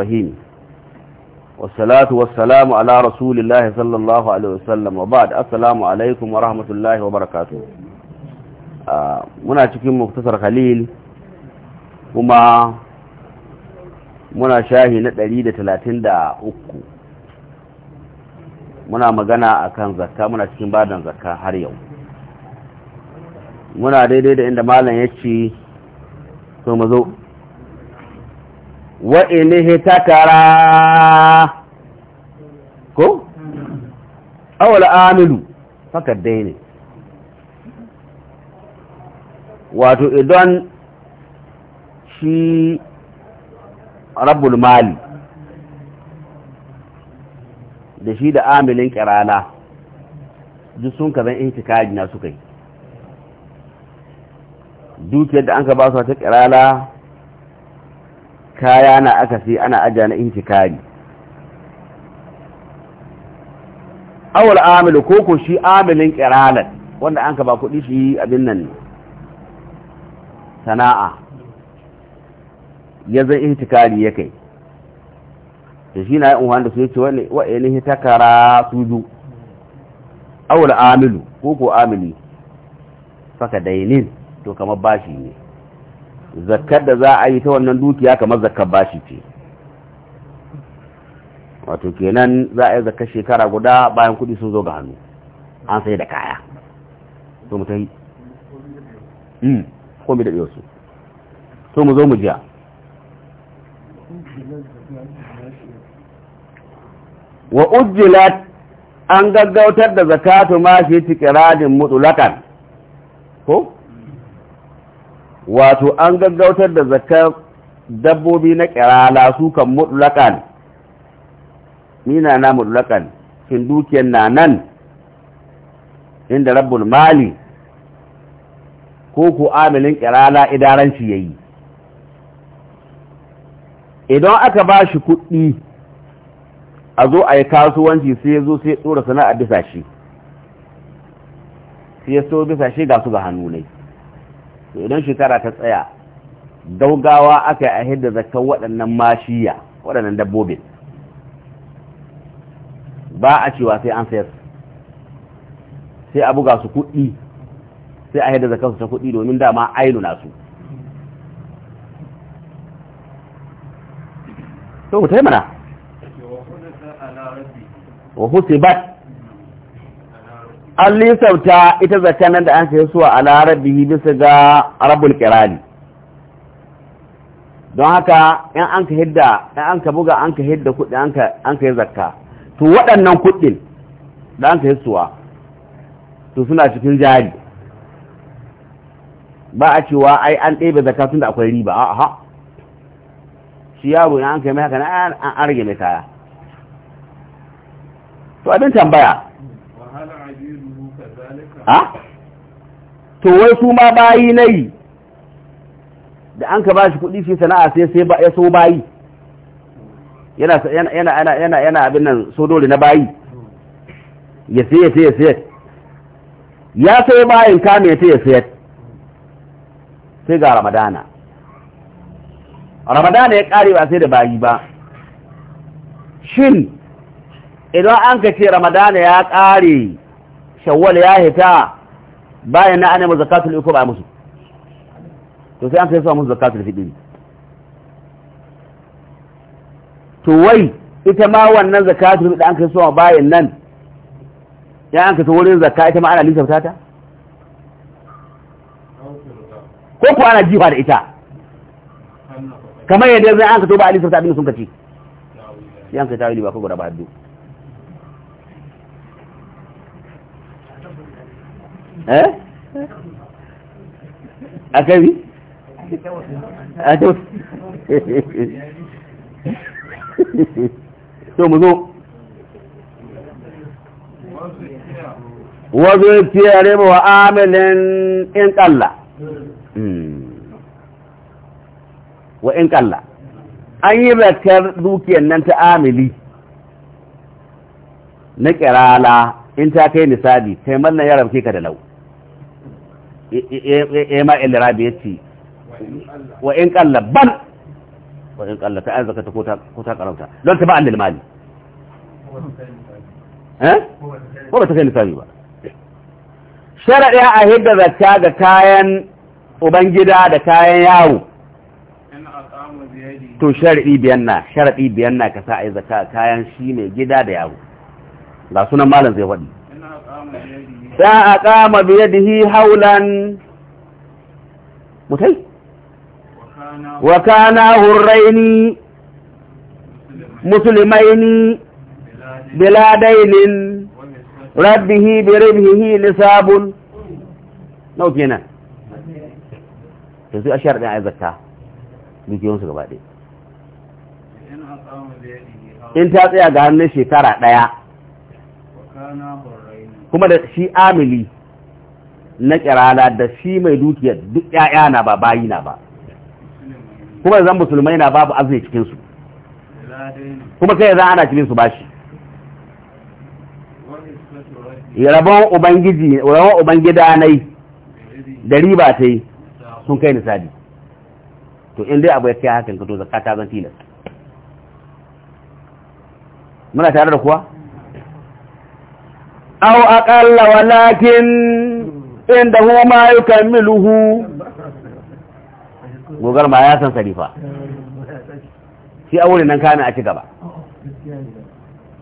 الرحيم والصلاة والسلام على رسول الله صلى الله عليه وسلم وبعد السلام عليكم ورحمة الله وبركاته منا تكون مختصر خليل وما muna shahi na ɗari da da uku muna magana a kan zakka muna cikin badan zakka har yau muna daidai da inda malam ya ce wa ilihi takara ko awal amilu haka daini wato idan shi rabbul mali da shi da amilin kirana duk sun ka zan ihtikaji na suka yi duk da an ka ba su ta kirala kaya na aka fi ana ajiya na intikari awal amil ko ko shi amilin kiralan wanda an ka ba kuɗi shi abin nan sana'a ya zai intikari ya kai da shi na yi unwa da su yace wani wa'ayin ta kara su ju awal amilu ko ko amili faka dainin to kamar bashi ne zakar da za a yi ta wannan dukiya kamar zakar bashi ce wato kenan za a yi zakar shekara guda bayan kudi sun zo ga hannu an sai da kaya so mu ta yi hmm. mu da su so mu zo mu jiya wa ujjilat an gaggautar da zakatu ma shi tikiradin mutulakan ko wato an gaggautar da zakar dabbobi na kirala su kan mutlakan nina na mutlakan cikin dukiyar na nan inda rabbul mali ko ku amilin kirala idaranci ya yi. idan aka ba shi kuɗi a zo a yi kasuwanci sai ya zo sai ya tsora sana'a bisa shi sai ya so bisa shi ga su ga hannu ne to idan shekara ta tsaya daugawa aka yi a hidda zakar waɗannan mashiya waɗannan dabbobin ba a cewa sai an sayar sai a buga su kuɗi sai a hidda zakar su ta kuɗi domin dama ainu nasu su to ku taimana wa husibat an lisauta ita zakka nan da an kai suwa a larabi bisa ga rabul kirani don haka in an ka hidda in an ka buga an ka hidda kuɗi an ka yi zakka to waɗannan kuɗin da an ka yi suwa to suna cikin jari ba a cewa ai an ɗebe zakka tun da akwai riba a ha shi yaro in an kai mai haka na an arge mai kaya to abin tambaya ha to wai su ma bayi yi da an ka bashi kuɗi shi sana'a sai sai ba ya so bayi yana yana yana yana yana abin nan so dole na bayi ya sai ya sai ya sai ya sai bayin ka ya sai ya sai sai ga ramadana ramadana ya kare ba sai da bayi ba shin idan an ka ce ramadana ya kare shawwal ya hita bayan na anema zakatul uku ba musu to sai an kai samu musu zakatul fitri to wai ita ma wannan zakatul da an kai sa bayan nan ya an kai wurin zakka ita ma ana lissafta ta ko ko ana jifa da ita kamar yadda zai an ka to ba a lissafta abin sun kaci yan kai tawili ba ko guda ba haddu eh akabi to mu zo wazo wa in kalla hmm. wa in kalla an yi zakar dukiyar nan ta amili na kirala in ta kai misali sai mannan ya ka da lau ya ma rabi ya ce wa in kalla ban wa in kalla ta arzaka ta ko ta karauta don ta ba an lilmali ko ba ta kai nisabi ba sharaɗi a hidda zakka ga kayan ubangida da kayan yawo to sharaɗi biyan na sharaɗi biyan na ka sa a yi zakka kayan shi mai gida da yawo ga sunan malam zai waɗi sa a kama biyadihi haulan mutai wa kana hurraini musulmaini biladainin rabbihi bi ribhihi lisabun nau kenan yanzu a shar din ayi zakka dukiyon su gaba ɗaya in ta tsaya ga hannun shekara ɗaya kuma da shi amili na kirana da shi mai dukiyar duk yaya na ba bayi na ba kuma zan musulmai na babu azai cikinsu. kuma sai zan ana cikinsu su bashi rabon ubangiji rabon ubangida da riba ta yi sun kai sadi. to in dai abu ya kai hakan ka to zakata zan tilas muna tare da kuwa أو أقل ولكن عنده ما يكمله gogar ma ya san sarifa shi aure nan kamin a ci gaba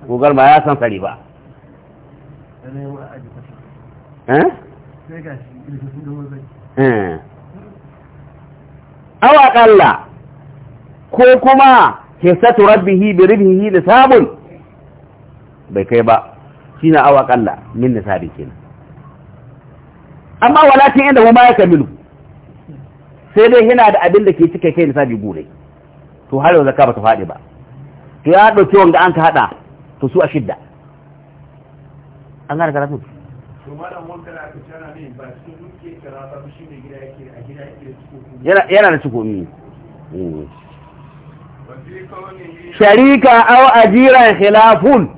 gogar ma ya san sarifa awa kalla ko kuma hisatu rabbihi bi ribhihi sabon bai kai ba shine awa kalla min nisabi kenan amma wala inda kuma ya kamilu sai dai yana da abin da ke cika kai nisabi gure to har yau zakka bata fadi ba to ya dauke wanda an ka hada to su a shidda an gara karatu to malam mun kana ka tana ne ba shi duke kira ba shi ne gida yake a gida yake yana yana cikin ni sharika aw ajira khilafun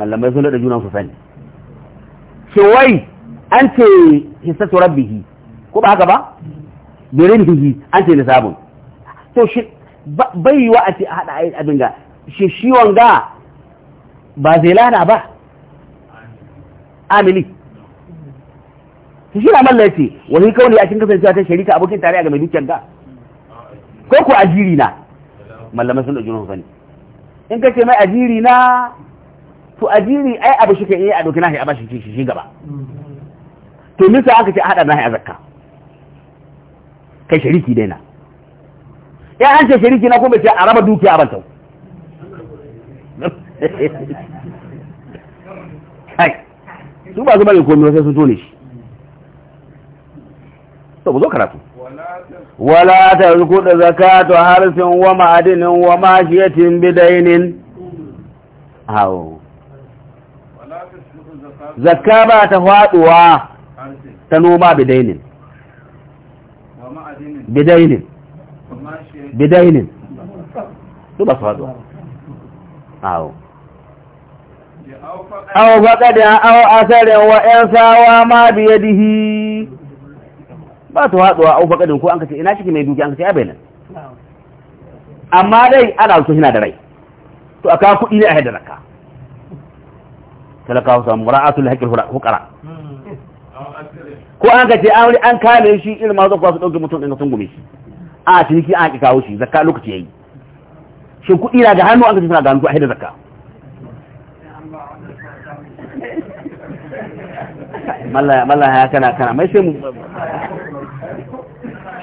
mallamai sun da junan su sani shi wai an ce hissatu rabbihi ko ba haka ba birin bihi an ce nisabun to shi bai yi wa a ce a haɗa ayin abin ga shi shi wanga ba zai lana ba amili shi shi na ce wani kawai a cikin kasancewa ta shari'a abokin tare ga mai dukiyar ga ko ku ajiri na mallamai sun da junan su sani in ka ce mai ajiri na to ajiri ai abu shi kan iya a doki nahi a bashi shi shi gaba to nisa aka ce a hada nahi a zakka kai shariki dai na ya an ce shariki na kuma ce a raba dukiya a bantau kai su ba su bari komai sai sun tone shi to bu zo karatu wala ta zukuda zakatu harsin wa ma'adinin wa mashiyatin bidainin hawo zakka ba ta faduwa ta noma bidainin bidainin bidainin su ba su faduwa awo awo faɗaɗin awo asarin wa ‘yan sawa ma biya dihi ba su haɗuwa awo faɗaɗin ko an kace ina shi mai duki an kace ya amma dai ana so shi na da rai to aka kuɗi ne a haidar raka talakawa samu ra'atul haqqil hukara hmm. ko an ka ce an an kame shi irin masu kwa su dauke mutum din sun gume shi a ciniki an ki kawo shi zakka lokaci yayi shin kuɗi na ga hannu an ka suna ga hannu a hidda zakka malla malla ya kana kana mai sai mu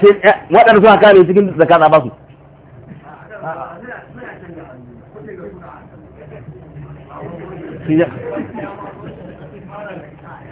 shi eh, waɗanda suka kame cikin zakka za ba su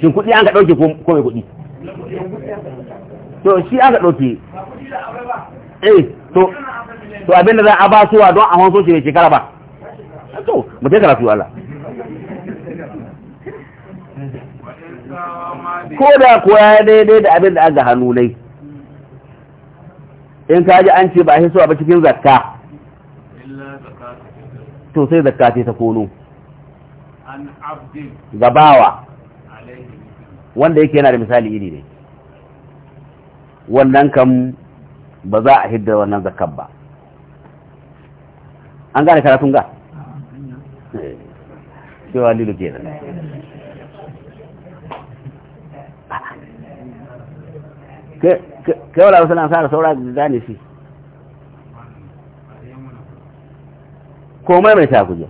shin kuɗi an ka ɗauke ko mai kuɗi to shi an ka ɗauke eh to to abinda za a ba suwa don a hanso shi ne shekara ba to mu sai karatu Allah ko da kuwa ya daidai da abin da aka hannu nai in ka ji an ce ba shi suwa ba cikin zakka to sai zakka ce ta kono gabawa wanda yake yana da misali iri ne wannan kam ba za a hidda wannan zakar ba an gane karatun ga cewa eh, lilo ke nan kai wala wasu nan sa saura da zane shi komai mai ta jiya.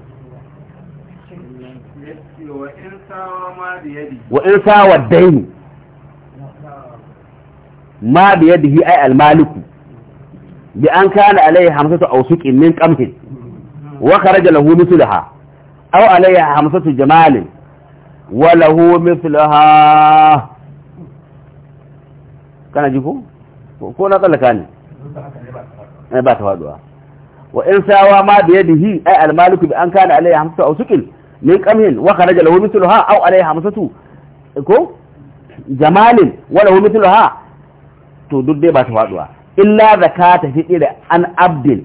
wa in sa wa daini ma bi yadihi ay al maliku bi an kana alayhi hamsatu awsuqin min qamhi wa kharaja lahu mithlaha aw alayhi hamsatu jamalin wa lahu mithlaha kana ji ko na kala kani eh, ba ta faduwa wa in sawa ma bi yadihi ay al maliku bi an kana alayhi hamsatu awsuqin min qamhin wa kharaja lahu mithluha aw alayha hamsatu ko jamalin wa lahu mithluha to duk dai ba ta faduwa illa zakata fi da an abdin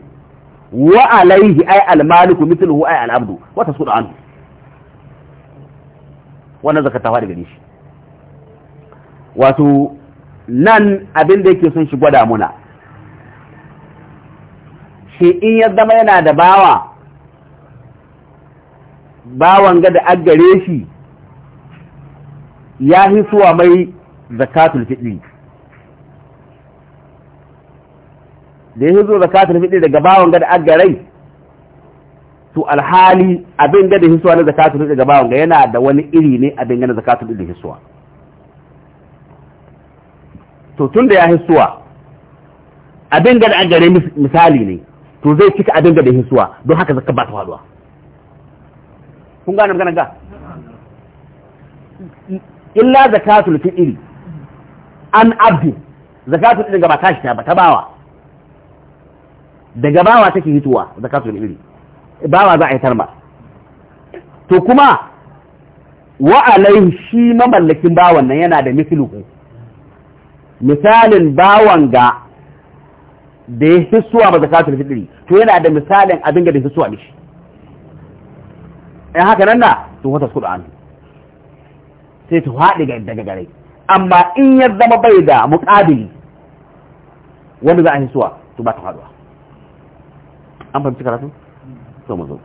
wa alaihi ay al maliku mithluhu ay al abdu wa tasudu anhu wannan zakata ta fadi shi wato nan abin da yake son shi gwada muna shi in ya zama yana da bawa bawan gada agare aggare shi ya hisuwa suwa mai zakatul fitri da ya hisuwa zakatul fitri daga bawan gada da aggare to alhali abin ga hisuwa na zakatul fitri daga bawan gada yana da wani iri ne abin ga na zakatul fitri da hisuwa to tun da ya hisuwa abin gada agare aggare misali ne to zai cika abin ga da hisuwa don haka zaka ba ta faruwa kun gane magana ga illa zakatul fitri an abdi zakatul fitri gaba tashi ta ba ta bawa daga bawa take hituwa zakatul fitri bawa za a yi tarma to kuma wa alaihi shi mamallakin bawan nan yana da misluhu misalin bawan ga da ya hisuwa ba zakatul fitri to yana da misalin abin ga da hisuwa mishi in eh, haka nan na to wata su an sai ta haɗe daga gare amma in ya zama bai da muƙabili wanda za a hisuwa to ba ta faɗuwa an fahimci karatu to mu zo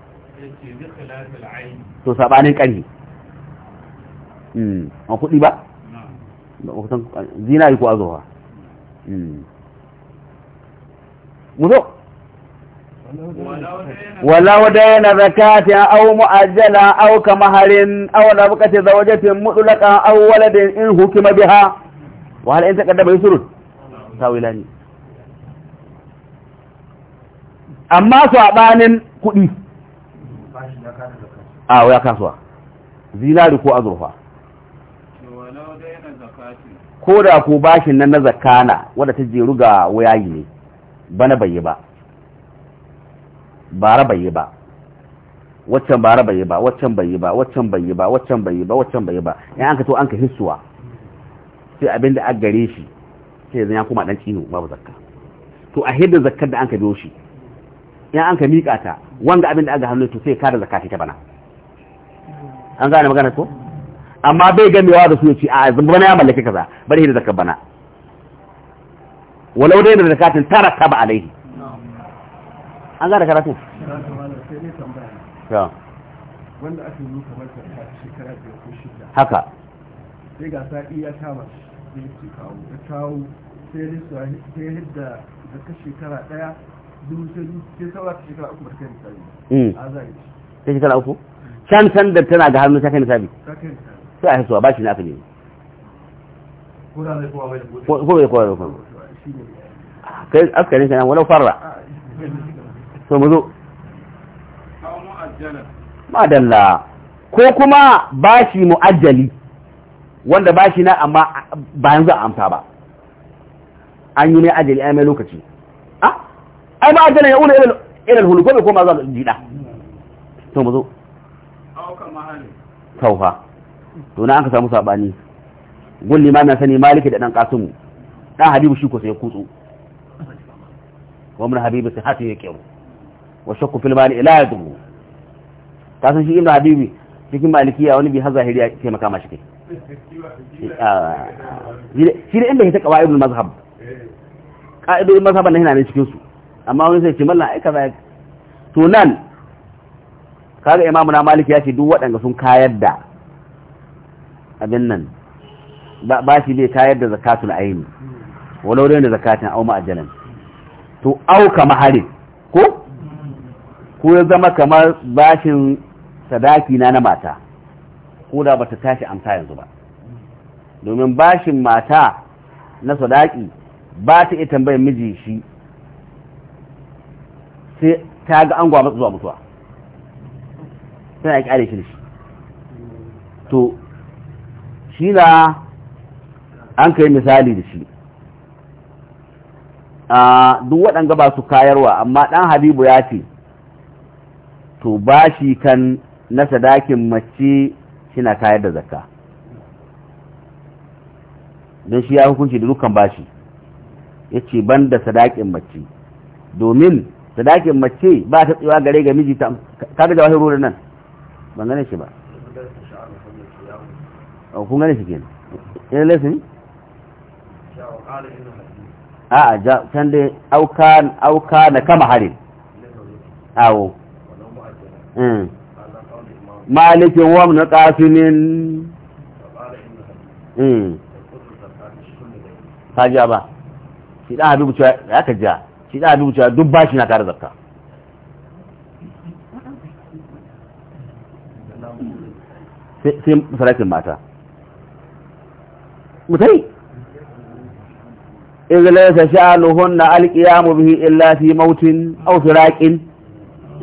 to sabanin ƙarfi hmm, a kuɗi ba zinari ko azuwa hmm. mu zo ولا ودين زكاة أو مؤجلة أو كمهر أو نفقة زوجة مطلقة أو ولد إن حكم بها وهل إن تقدم يسرد تاويلاني أما سعبان كؤي آه ويا كاسوا zinari كو azurfa ko da ko bashin nan na zakana wadda ta jeru ga wayayi ne bana bayi ba bara bai yi ba waccan bara bai yi ba waccan bai yi ba waccan bai yi ba waccan bai yi ba waccan bai yi ba in an ka to an ka hissuwa sai abin da an gare shi sai zan ya kuma dan cihu babu zakka to a hidda zakkar da an ka biyo shi in an ka miƙa ta wanda abin da aka hannu to sai kada zakka ta bana an gane magana ko amma bai gamewa da su ya ce a bana ya mallaki kaza bari hidda zakkar bana walau dai da zakatin tara ta ba alaihi an gada karatu wanda aka yi shekara da haka sai ga sa'i ya kama da ya kawo ya kawo sai ya da ka shekara daya dubu sai sai ta shekara uku ba kai misali a zai ta shekara uku can can da tana ga hannu ta kai misali sai a hasuwa ba shi na aka ko kowa kowa kai wani to mu zo madalla ko kuma bashi mu'ajjali wanda bashi na amma ba yanzu a amsa ba an yi mai ajali a mai lokaci a ah, ai ba ajali ya una irin hulu gobe ko ma za su jida to mu zo taufa to na an ka samu sabani gun limamin sani maliki da dan kasumu dan habibu shi ko sai ya kutsu wa mun habibu sai hatu ya kewu wa shakku fil mali ila yadu ka san shi ibnu habibi cikin malikiya wani bi har zahiri ya ce shi mashi kai ah, shi da inda ke ta kawa al mazhab qa'idul mazhab nan yana ne cikin su amma wani sai ce mallan ai kaza to nan kaga imamu na maliki ya ce duk waɗanda sun kayar da abin nan ba shi bai kayar da zakatul aini walau da zakatin au ma'ajalan to auka maharin ko ko ya zama kamar bashin sadaki na na mata ko da ba ta tashi amsa yanzu ba domin bashin mata na sadaki ba ta iya tambayar miji shi sai ta ga an gwamata zuwa mutuwa tana kyale shi shi to shi na an kai misali da shi a ah, duk waɗanga ba su kayarwa amma ɗan habibu ya ce to bashi kan na sadakin mace shina kayar da zakka don shi ya hukunci da dukkan bashi ya ce ban da sadakin mace domin sadakin mace ba ta tsayawa gare ga miji ta kaga jawahir ruwan nan ban gane shi ba oh, kun gane shi kenan ina laifin a'a can dai auka na kama harin awo malikin مالك وابن قاسم kajiya ba shi da habibu cewa ya ka kajiya shi da habibu cewa duk bashi na kare zakka sai sarakin mata mutai in zai laisa sha'anuhun na alƙiyamu bihi illa fi mautin au firaqin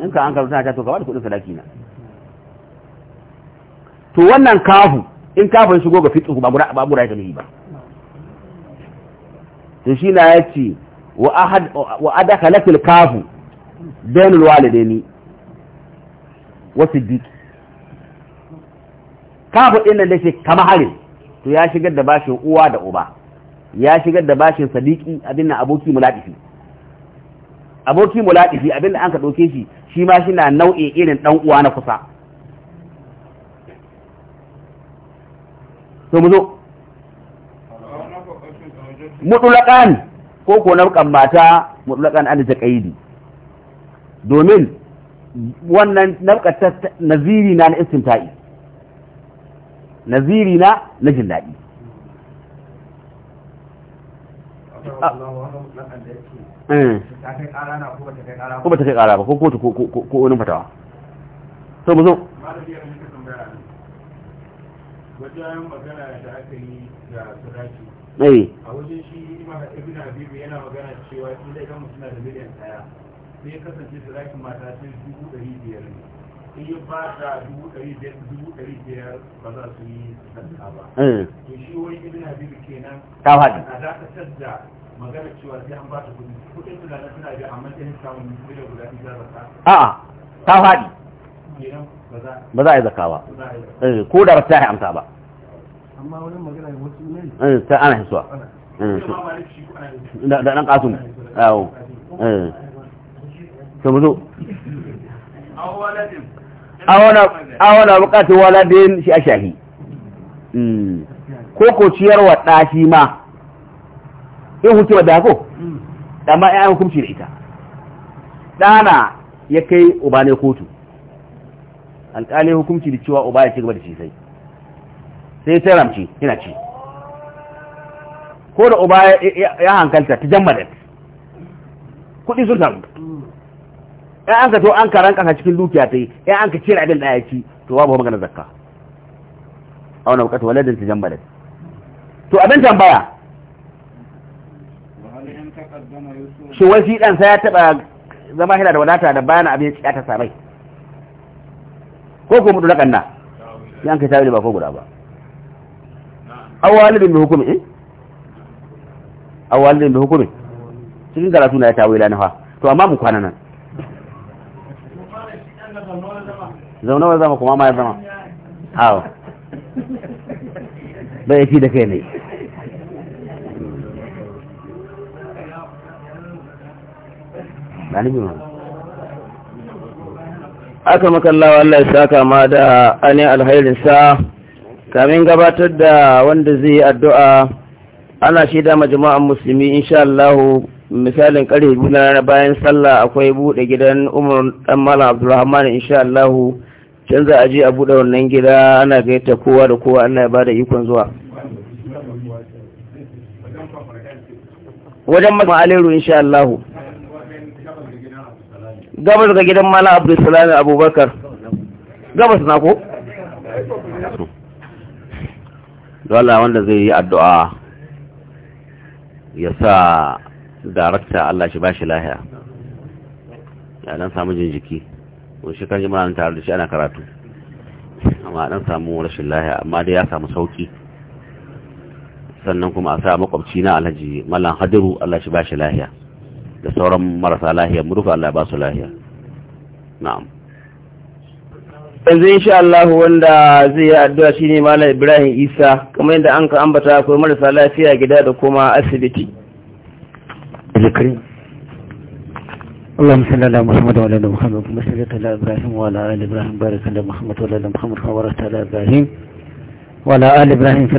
in ka an karɓi ta to ka da kuɗin sadaki na to wannan kafu in kafin shigo ga fitu ba gura ba ya ta ba to shi na yace wa ahad wa adkhalat kafu bain al walidaini wa siddiq kafu din nan da shi kama harin to ya shigar da bashin uwa da uba ya shigar da bashin sadiki abin nan aboki mulatifi aboki mulatifi abin da an ka ɗauke shi shi ma shi na nau'i irin ɗan uwa na kusa to mu zo mutulakan ko ko nau'kan mata mutulakan an da kaidi domin wannan ta naziri na na ta'i, naziri na na jin daɗi Eh. ko ba ta kai kara ba ko kotu ko wani fatawa so mu zo eh. a wajen shi ibn habibu yana magana cewa shi zai da miliyan daya sai kasance mata sun dubu ɗari biyar ne in yi ba da dubu ɗari biyar ba za su yi ba eh. to shi wani ibn habibu kenan a ka da magana cewa sai an ba ta kudi kudin suna amma sai samun miliyan guda a'a ta faɗi ba za a yi zaka ba eh, ko da ba ta yi amsa ba amma wani magana wasu ne eh, ta ana hisuwa eh, da ɗan ƙasun awo ta mu zo awana bukatun waladin shi a shahi hmm. ko ko ciyarwa ɗashi ma in hukumar da hako amma ya hukunci da ita ɗana ya kai uba ne kotu alƙalai hukunci da cewa uba ya ci gaba da shi sai sai ta ramci yana ci ko da uba ya hankalta ta jammadat kuɗi sun samu ya an ka to an karan kasa cikin dukiya ta yi ya an ka cire abin ya ci to babu magana zakka a wani bukatu waladin ta jammadat to abin tambaya shi wai shi ɗansa ya taɓa zama shi da wadata da bayan abin ya ta samai ko ko mutu laƙan na yan kai tawili ba ko guda ba awalidin bi hukumi eh awalidin bi hukumi cikin karatu na ya tawila na fa to amma mu kwana nan zaune wa zama kuma ma ya zama awo bai fi da kai ne ɗalibin wani aka makallawa Allah ya saka ma da ainihin alhairinsa kamin gabatar da wanda zai yi addu'a ana shaida ma jama'an musulmi insha Allah misalin ƙarfe biyu na bayan sallah akwai buɗe gidan umar ɗan malam abdulrahman insha Allah can za a je a buɗe wannan gida ana gaita kowa da kowa ana ba da ikon zuwa wajen ma'aliru insha Allah gabas ga gidan mala abdulsalami abubakar gabas na ko? dole wanda zai yi addu'a ya sa darakta Allah shi ba shi lahiya ya dan samu jin jiki wani shi kan mana tare da shi ana karatu amma dan samu rashin lahiya amma dai ya samu sauki sannan kuma a sa makwabci na alhaji mallan hadiru Allah shi ba shi lahiya da sauran marasa lahiya murufa Allah ba su lahiya na'am yanzu insha Allah wanda zai yi addu'a ne malam Ibrahim Isa kamar yadda an ka ambata akwai marasa lafiya gida da kuma asibiti zikri Allahumma salli ala wa ala Muhammad wa salli ala Ibrahim wa ala ali Ibrahim baraka ala Muhammad wa Muhammad wa baraka ala Ibrahim ولا آل إبراهيم في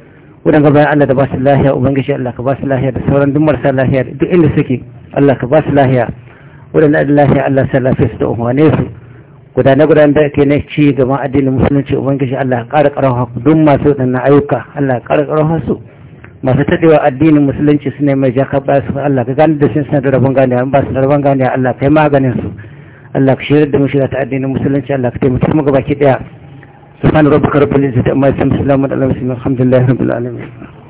wadanda bayan Allah da ba su lahiya ubangiji Allah ka ba su lahiya da sauran duk marasa lahiya duk inda suke Allah ka ba su lahiya wadanda da lahiya Allah sai lafiya su da umarne su gudane gudane da ke na ci gaban addinin musulunci ubangiji Allah ka ƙara ƙarfa duk masu wadannan ayyuka Allah ka ƙara ƙarfa su masu taɗewa addinin musulunci su ne mai jaka ba su Allah ka gani da sun sanar da rabon gane ba su da rabon gane Allah ka yi maganin su Allah ka shirar da mu shiga ta addinin musulunci Allah ka taimaki mu gabaki ɗaya سبحان ربك رب العزة أما يسمى السلام على الحمد لله رب العالمين